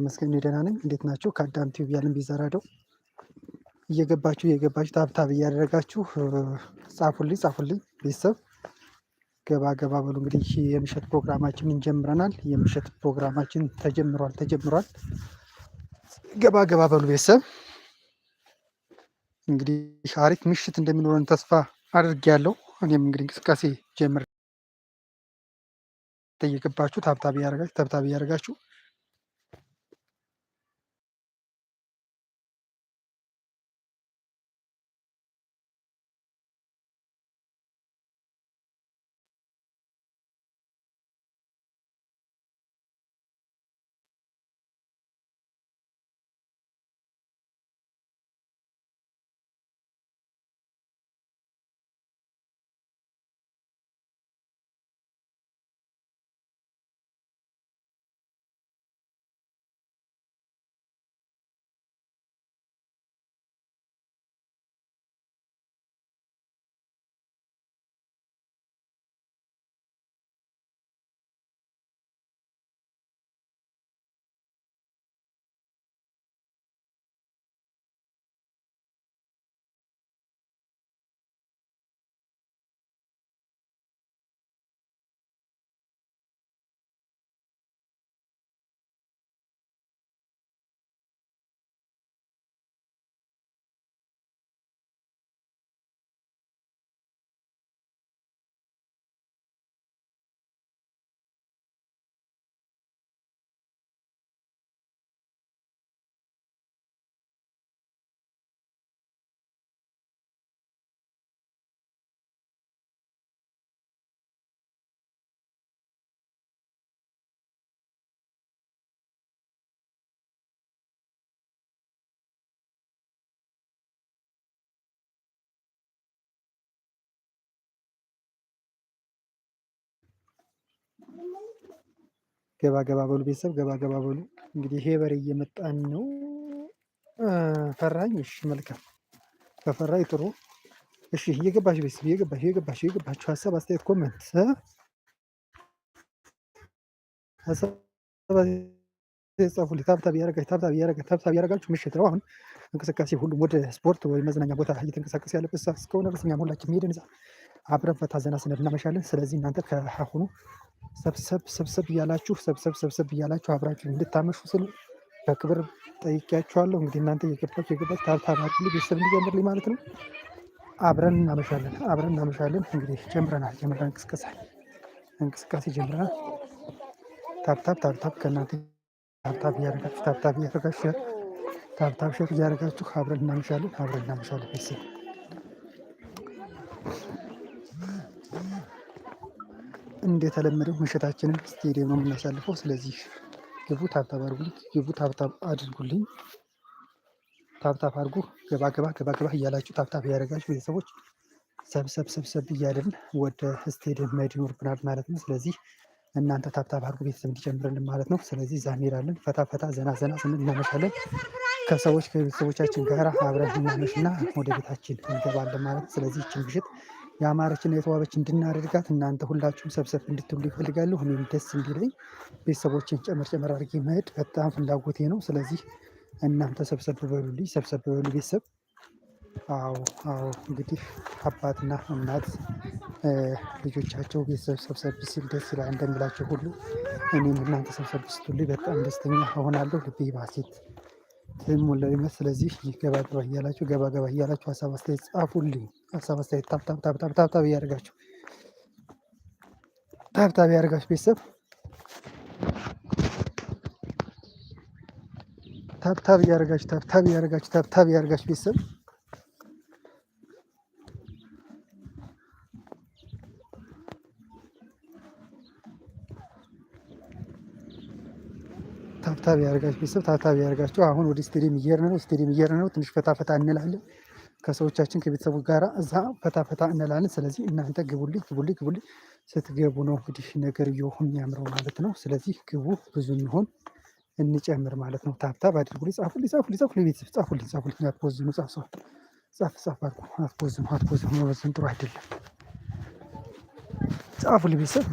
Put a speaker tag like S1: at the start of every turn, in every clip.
S1: ይመስገን እኔ ደህና ነኝ። እንዴት ናችሁ? ከአዳም ቲዩብ ያለን ቢዘራደው እየገባችሁ እየገባችሁ ታብታብ እያደረጋችሁ ጻፉልኝ ጻፉልኝ። ቤተሰብ ገባ ገባ በሉ። እንግዲህ የምሽት ፕሮግራማችን እንጀምረናል። የምሽት ፕሮግራማችን ተጀምሯል ተጀምሯል። ገባ ገባ በሉ ቤተሰብ። እንግዲህ አሪፍ ምሽት እንደሚኖረን ተስፋ አድርጌያለሁ። እኔም እንግዲህ እንቅስቃሴ ጀምር እየገባችሁ ታብታብ እያደረጋችሁ ታብታብ እያደረጋችሁ ገባ ገባ በሉ ቤተሰብ፣ ገባ ገባ በሉ። እንግዲህ ይሄ በሬ እየመጣን ነው። ፈራኝ። እሺ መልካም ከፈራኝ ጥሩ። እሺ እየገባሽ ቤተሰብ፣ እየገባሽ እየገባሽ እየገባችሁ ሀሳብ አስተያየት፣ ኮመንት ጻፉልኝ። ታብታብ እያረጋችሁ ታብታብ እያረጋችሁ ታብታብ እያረጋችሁ ምሽት ነው አሁን እንቅስቃሴ ሁሉም ወደ ስፖርት ወይ መዝናኛ ቦታ እየተንቀሳቀሰ ያለበት እስከሆነ ድረስ እኛም ሁላችን ሄደን እዛ አብረን ፈታ ዘና ስንል እናመሻለን። ስለዚህ እናንተ ከአሁኑ ሰብሰብ ሰብሰብ እያላችሁ ሰብሰብ ሰብሰብ እያላችሁ አብራችሁ እንድታመሹ ስል በክብር ጠይቄያችኋለሁ። እንግዲህ እናንተ እየገባች የገባች ታብታባት ቤተሰብ እንዲጀምርልኝ ማለት ነው። አብረን እናመሻለን፣ አብረን እናመሻለን። እንግዲህ ጀምረናል፣ ጀምረናል፣ እንቅስቀሳል፣ እንቅስቃሴ ጀምረናል። ታብታብ ታብታብ ከእናንተ ታብታብ እያደረጋችሁ ታብታብ እያደረጋችሁ ታብታብ ሸር እያደረጋችሁ አብረን እናመሻለን፣ አብረን እናመሻለን ቤተሰብ እንደተለመደው ምሽታችንን ስቴዲየም ነው የምናሳልፈው። ስለዚህ ግቡ፣ ታብታብ አድርጉልኝ። ግቡ፣ ታብታብ አድርጉልኝ። ታብታብ አድርጉ። ገባ ገባ ገባ ገባ እያላችሁ ታብታብ እያደረጋችሁ ቤተሰቦች ሰብሰብ ሰብሰብ እያልን ወደ ስቴዲየም መሄድ ይኖርብናል ማለት ነው። ስለዚህ እናንተ ታብታብ አድርጉ ቤተሰብ እንዲጀምርልን ማለት ነው። ስለዚህ እዛ እንሄዳለን። ፈታ ፈታ ዘና ዘና ስንል እናመሻለን። ከሰዎች ከቤተሰቦቻችን ጋር አብረን እናመሽና ወደ ቤታችን እንገባለን ማለት ነው። ስለዚህ ይችን ምሽት ያማረችና የተዋበች እንድናደርጋት እናንተ ሁላችሁም ሰብሰብ እንድትሉ ይፈልጋሉ። እኔም ደስ እንዲለኝ ቤተሰቦችን ጨመር ጨመር አድርጌ መሄድ በጣም ፍላጎቴ ነው። ስለዚህ እናንተ ሰብሰብ በሉልኝ፣ ሰብሰብ በሉ ቤተሰብ። አዎ አዎ፣ እንግዲህ አባትና እናት ልጆቻቸው ቤተሰብ ሰብሰብ ሲል ደስ ይላል እንደሚላቸው ሁሉ እኔም እናንተ ሰብሰብ ስትሉ በጣም ደስተኛ እሆናለሁ። ልቤ ባሴት ይሞላ ይመስል ስለዚህ ገባ ገባ እያላችሁ ገባ ገባ እያላችሁ ሀሳብ አስተያየት ጻፉልኝ። ሀሳብ አስተያየት ታብታብ ታብታብ ታብታብ እያደርጋችሁ ታብታብ እያደርጋችሁ ቤተሰብ ታብታብ እያደርጋችሁ ታብታብ እያደርጋችሁ ታብታብ እያደርጋችሁ ቤተሰብ ታብታብ ያደርጋችሁ ቤተሰብ ታብታብ ያደርጋችሁ። አሁን ወደ ስቴዲየም እየሄድን ነው። ስቴዲየም እየሄድን ነው። ትንሽ ፈታፈታ እንላለን ከሰዎቻችን ከቤተሰቡ ጋር እዛ ፈታፈታ እንላለን። ስለዚህ እናንተ ግቡልኝ ግቡልኝ ግቡልኝ። ስትገቡ ነው እንግዲህ ነገር እየሆ የሚያምረው ማለት ነው። ስለዚህ ግቡ ብዙ እንሆን እንጨምር ማለት ነው። ታብታብ አድርጉልኝ። ጻፉልኝ ጻፉልኝ ጻፉልኝ ቤተሰብ ጻፉልኝ ጻፉልኝ። አትቦዝኑ ጻፍ ሰው ጻፍ ጻፍ አድርጉ። አትቦዝኑ አትቦዝኑ መበዝን ጥሩ አይደለም። ጻፉልኝ ቤተሰብ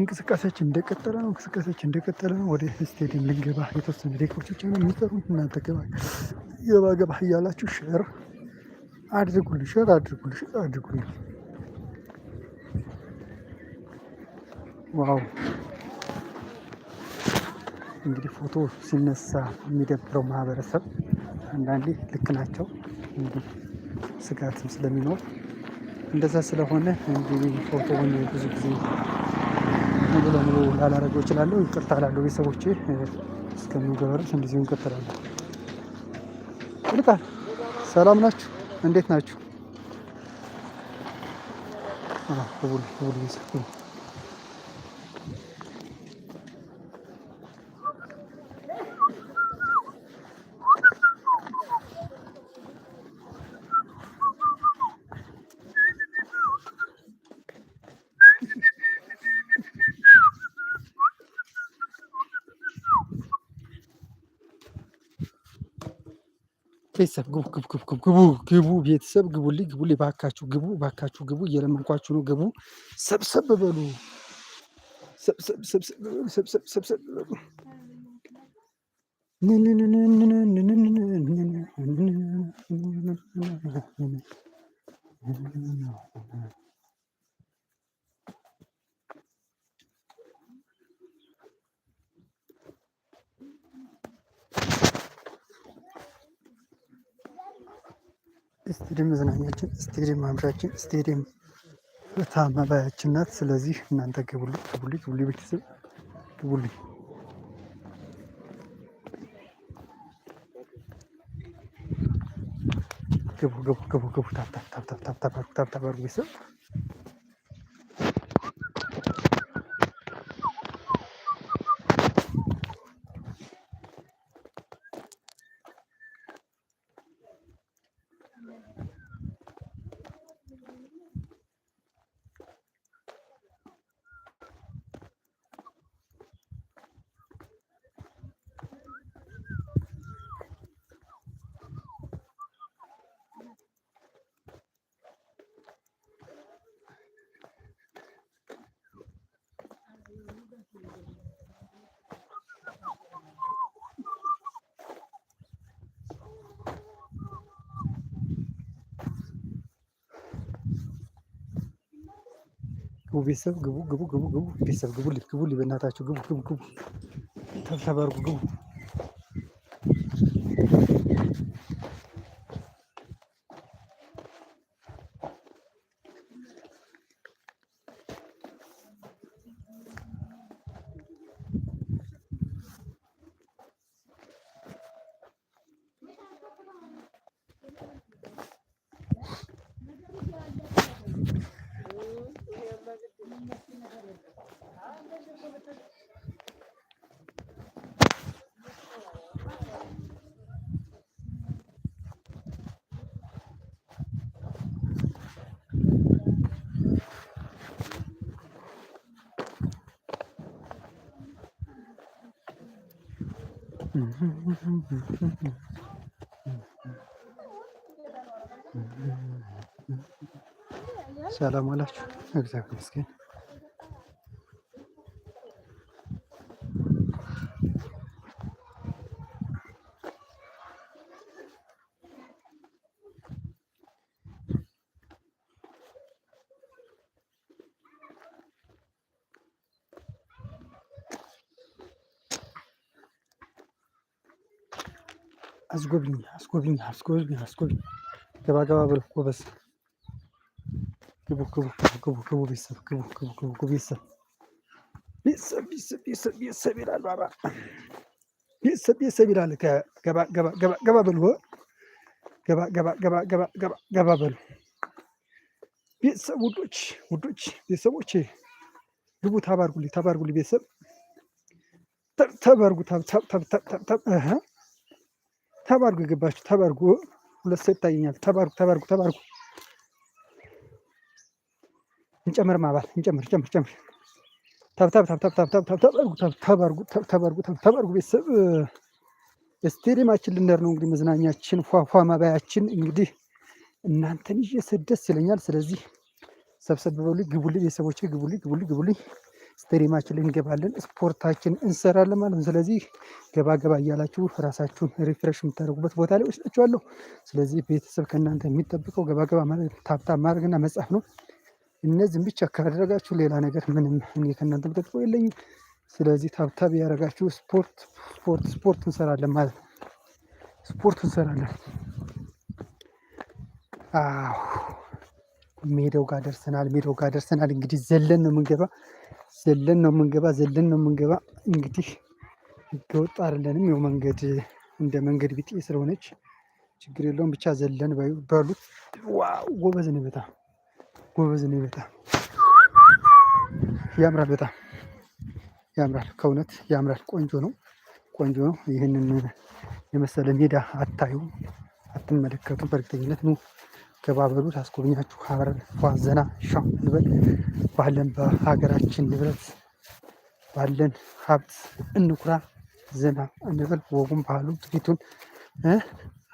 S1: እንቅስቃሴዎች እንደቀጠለ ነው። እንቅስቃሴዎች እንደቀጠለ ነው። ወደ ስቴዲየም ልንገባ የተወሰነ ደቂቃዎች ብቻ ነው የሚቀሩን። እናንተ ገባ ገባ ገባ እያላችሁ ሸር አድርጉልኝ፣ ሸር አድርጉልኝ፣ ሸር አድርጉልኝ። ዋው እንግዲህ ፎቶ ሲነሳ የሚደብረው ማህበረሰብ አንዳንዴ ልክ ናቸው። እንግዲህ ስጋትም ስለሚኖር እንደዛ ስለሆነ እንግዲህ ፎቶውን ብዙ ጊዜ ሙሉ ለሙሉ ላላረገው እችላለሁ። ይቅርታ ላለሁ ቤተሰቦች እስከሚገባ እንደዚሁ ይቅርታ ላለሁ። ይልቃል ሰላም ናችሁ? እንዴት ናችሁ? ቤተሰብ ግቡ ግቡ ግቡ ግቡ ግቡ ቤተሰብ ግቡልኝ ግቡልኝ፣ ባካችሁ ግቡ ባካችሁ ግቡ፣ እየለመንኳችሁ ነው። ግቡ ሰብሰብ በሉ ሰብሰብ ስቴዲየም መዝናኛችን፣ ስቴዲየም ማምሻችን፣ ስቴዲየም ፈታ መባያችን ናት። ስለዚህ እናንተ ግቡልኝ፣ ግቡልኝ፣ ግቡልኝ፣ ቤተሰብ ግቡልኝ። ግቡ፣ ግቡ፣ ግቡ፣ ግቡ። ታፕ ታፕ ታፕ ታፕ ታፕ ቤተሰብ ግቡ፣ ቤተሰብ ግቡ፣ ግቡ፣ ግቡ፣ ግቡ፣ ቤተሰብ ግቡ፣ ግቡ፣ በእናታችሁ ግቡ፣ ግቡ፣ ግቡ፣ ተባርጉ፣ ግቡ ሰላም አላችሁ። እግዚአብሔር ይመስገን። አስጎብኝ አስጎብኝ አስጎብኝ አስጎብኝ። ገባ ገባ በል ጎበዝ። ግቡ ግቡ ግቡ ግቡ ቤተሰብ ግቡ ግቡ ግቡ ግቡ ቤተሰብ ቤተሰብ ቤተሰብ ቤተሰብ ቤተሰብ ይላል ባባ ቤተሰብ ቤተሰብ ይላል። ገባ ገባ ገባ ገባ በሉ ገባ ገባ ገባ ገባ ገባ ገባ በሉ ቤተሰብ ውዶች ውዶች ቤተሰቦቼ ግቡ። ታባርጉልኝ ታባርጉልኝ ቤተሰብ ተባርጉ ታብ ታብ ታብ ታብ ተባርጉ የገባችሁ ተባርጉ። ሁለት ሰው ይታየኛል። ተባርጉ ተባርጉ ተባርጉ። እንጨምር ማባል እንጨምር ጨምር ጨምር ታብ ታብ ታብ ታብ ታብ ታብ ተባርጉ ተባርጉ ተባርጉ። ቤተሰብ ስቴዲየማችን ልንደር ነው እንግዲህ መዝናኛችን ፏፏ ማባያችን እንግዲህ እናንተን ይዤ ስደስ ይለኛል። ስለዚህ ሰብሰብ በሉ ግቡልኝ፣ ቤተሰቦች ግቡልኝ፣ ግቡልኝ፣ ግቡልኝ። ስትሪማችን ላይ እንገባለን፣ ስፖርታችን እንሰራለን ማለት ነው። ስለዚህ ገባ ገባ እያላችሁ ራሳችሁን ሪፍሬሽ የምታደርጉበት ቦታ ላይ ወስዳችኋለሁ። ስለዚህ ቤተሰብ ከእናንተ የሚጠብቀው ገባ ገባ ማለት ታብታብ ማድረግና መጻፍ ነው። እነዚህም ብቻ ካደረጋችሁ ሌላ ነገር ምንም እኔ ከእናንተ ምጠብቀው የለኝም። ስለዚህ ታብታብ ያደረጋችሁ ስፖርት ስፖርት ስፖርት እንሰራለን ማለት ነው። ስፖርት እንሰራለን። አዎ ሜዳው ጋር ደርሰናል። ሜዳው ጋር ደርሰናል። እንግዲህ ዘለን ነው የምንገባ። ዘለን ነው የምንገባ፣ ዘለን ነው የምንገባ። እንግዲህ ህገወጥ አይደለንም። ያው መንገድ እንደ መንገድ ቢጤ ስለሆነች ችግር የለውም። ብቻ ዘለን በሉት። ዋው ጎበዝ ነው በጣም ጎበዝ ነው በጣም ያምራል፣ በጣም ያምራል። ከእውነት ያምራል። ቆንጆ ነው፣ ቆንጆ ነው። ይህንን የመሰለ ሜዳ አታዩ፣ አትመለከቱ በእርግጠኝነት ነው። ገባበሉ ታስጎብኛችሁ አብረን ዋዘና ሻ እንበል። ባለን በሀገራችን ንብረት ባለን ሀብት እንኩራ፣ ዘና እንበል። ወጉም ባህሉ ትፊቱን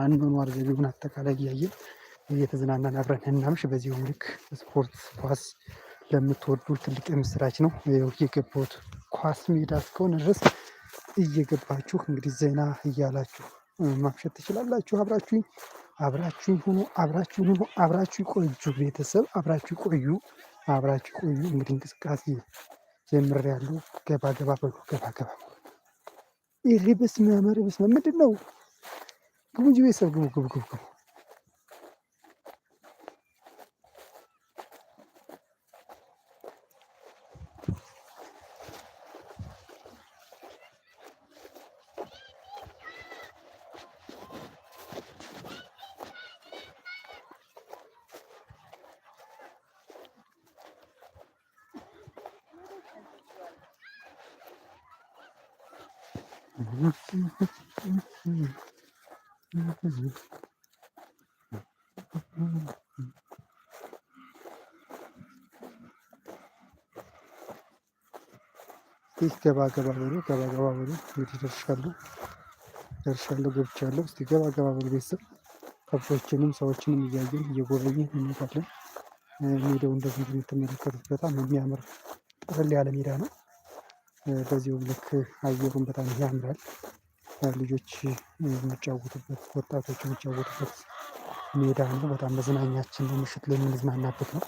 S1: አኗኗር ዘዴውን አጠቃላይ እያየን እየተዝናናን አብረን እናምሽ። በዚሁ ልክ ስፖርት ኳስ ለምትወዱ ትልቅ ምስራች ነው። የገባሁት ኳስ ሜዳ እስከሆነ ድረስ እየገባችሁ እንግዲህ ዜና እያላችሁ ማምሸት ትችላላችሁ። አብራችሁኝ አብራችሁ ይሁኑ፣ አብራችሁ ይሁኑ፣ አብራችሁ ቆዩ፣ ቤተሰብ አብራችሁ ቆዩ፣ አብራችሁ ቆዩ። እንግዲህ እንቅስቃሴ ጀምር ያሉ ገባ ገባ በሉ፣ ገባ ገባ። ይህ ርብስ መመር ብስ ምንድን ነው? ግቡ እንጂ ቤተሰብ ግቡ፣ ግቡ፣ ግቡ፣ ግቡ እስቲ ገባ ገባ በሉ፣ ገባ ገባ በሉ። እንግዲህ ደርሻለሁ፣ ደርሻለሁ፣ ገብቻለሁ። እስቲ ገባ ገባ በሉ ቤተሰብ። ከብቶችንም ሰዎችንም እያየን እየጎበኘን እንሄዳለን። ሜዳው እንደዚህ እንደምትመለከቱት በጣም የሚያምር ጥርል ያለ ሜዳ ነው። በዚሁም ልክ አየሩን በጣም ያምራል። ልጆች የሚጫወቱበት ወጣቶች የሚጫወቱበት ሜዳ ነው። በጣም መዝናኛችን ነው። ምሽት ላይ የምንዝናናበት ነው።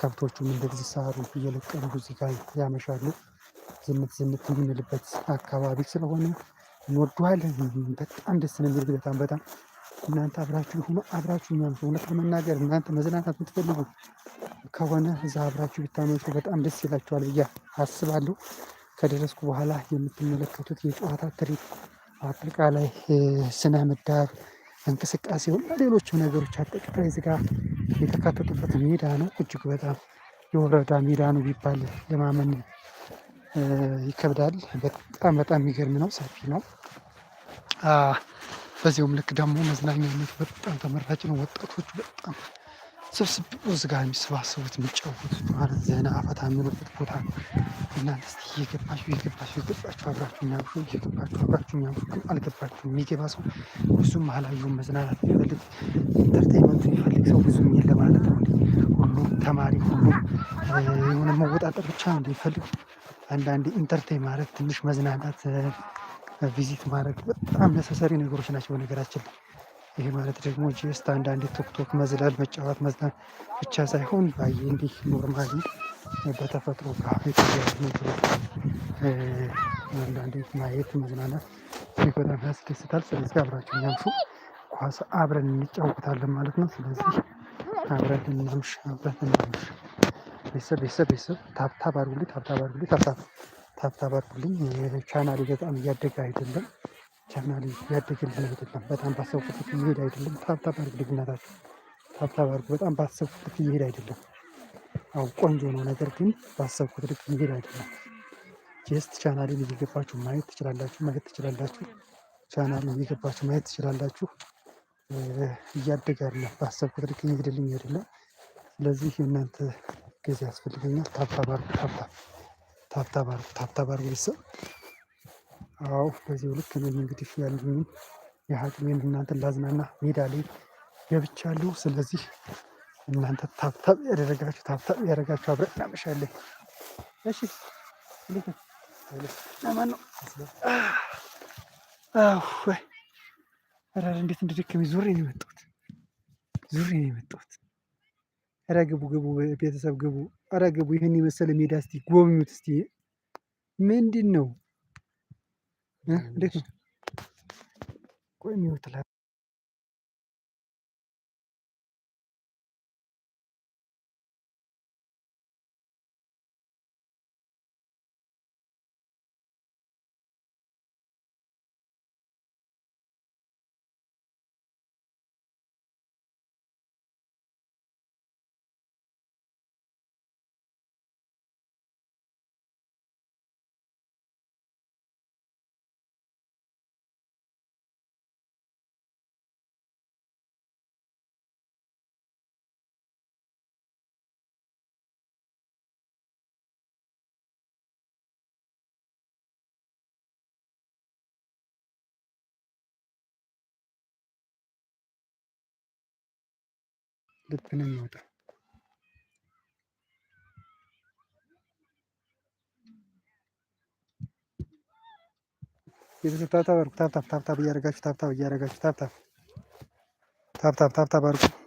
S1: ከብቶቹም እንደዚህ ሳሩ እየለቀሙ እዚህ ጋር ያመሻሉ። ዝንት ዝንት የምንልበት አካባቢ ስለሆነ እንወደዋለን። በጣም ደስ ነው የሚል በጣም በጣም እናንተ አብራችሁ ሆኖ አብራችሁ የሚያምሱ እውነት ለመናገር እናንተ መዝናናት የምትፈልጉ ከሆነ እዛ አብራችሁ ብታመሹ በጣም ደስ ይላችኋል ብዬ አስባለሁ። ከደረስኩ በኋላ የምትመለከቱት የጨዋታ ትርኢት አጠቃላይ ስነ ምህዳር እንቅስቃሴውና ሌሎችም ነገሮች አጠቃላይ እዚህ የተካተቱበት ሜዳ ነው። እጅግ በጣም የወረዳ ሜዳ ነው ቢባል ለማመን ይከብዳል። በጣም በጣም የሚገርም ነው፣ ሰፊ ነው። በዚሁም ልክ ደግሞ መዝናኛነት በጣም ተመራጭ ነው። ወጣቶች በጣም ስብስብ እዚህ ጋር የሚሰባሰቡት የሚጫወቱት ማለት ዘና ፈታ የሚሉበት ቦታ ነው። እናንተ እስኪ እየገባችሁ እየገባችሁ እየገባችሁ አብራችሁ የሚያምሹ እየገባችሁ አብራችሁ የሚያምሹ ግን አልገባችሁ። የሚገባ ሰው ብዙም ባህላዊውን መዝናናት የሚፈልግ ኢንተርቴንመንት የሚፈልግ ሰው ብዙም የለ ማለት ነው። ሁሉም ተማሪ ሁሉም የሆነ መወጣጠር ብቻ ነው የሚፈልግ። አንዳንዴ ኢንተርቴን ማለት ትንሽ መዝናናት፣ ቪዚት ማድረግ በጣም ነሰሰሪ ነገሮች ናቸው በነገራችን ላይ። ይሄ ማለት ደግሞ ጀስት አንዳንዴ ቶክቶክ መዝላል፣ መጫወት መዝናን ብቻ ሳይሆን ባየ እንዲህ ኖርማሊ በተፈጥሮ ጋር የተለያዩ ነገሮችን አንዳንዴ ማየት መዝናናት ይህ በጣም ያስደስታል። ስለዚህ አብራችሁኝ አምሹ ኳስ አብረን እንጫወታለን ማለት ነው። ስለዚህ አብረን እናምሽ አብረን እናምሽ። ቤተሰብ ቤተሰብ ቤተሰብ ታብታብ አድርጉልኝ፣ ታብታብ አድርጉልኝ፣ ታብታብ ታብታብ አድርጉልኝ። ቻናሌ በጣም እያደገ አይደለም። ቻናሌ እያደገልኝ አይደለም። በጣም ባሰብኩት እየሄድ አይደለም። ታብታብ አድርጉልኝ እናታችሁ፣ ታብታብ አድርጉ። በጣም ባሰብኩት እየሄድ አይደለም። አው ቆንጆ ነው። ነገር ግን ባሰብኩት ልክ የሚሄድ አይደለም። ጀስት ቻናሌን እየገባችሁ ማየት ትችላላችሁ ማየት ትችላላችሁ ቻናሌን እየገባችሁ ማየት ትችላላችሁ። እያደገ አይደለም። ባሰብኩት ልክ የሚሄድልኝ አይደለም። ስለዚህ እናንተ ጊዜ ያስፈልገኛል። ታብታባር ታብታባር ታብታባር ቤተሰብ አዎ በዚህ ልክ እኔም እንግዲህ ያለኝን የሀቅሜን እናንተን ላዝናና ሜዳ ላይ ገብቻለሁ። ስለዚህ እናንተ ታብታብ ያደረጋችሁ ታብታብ ያደረጋችሁ አብረን እናመሻለን። እሺ ለማን ነው ራር እንዴት እንደደከመኝ ዙሬ ነው የመጣሁት፣ ዙሬ ነው የመጣሁት። ኧረ ግቡ ግቡ፣ ቤተሰብ ግቡ፣ ኧረ ግቡ። ይህን የመሰለ ሜዳ እስቲ ጎብኙት እስቲ። ምንድን ነው እንዴት ነው ቆይ Lütfe'nin vardı. Birisi tap tap tap tap tap tap yere kaç tap tap yere kaç tap tap. Tap tap tap tap.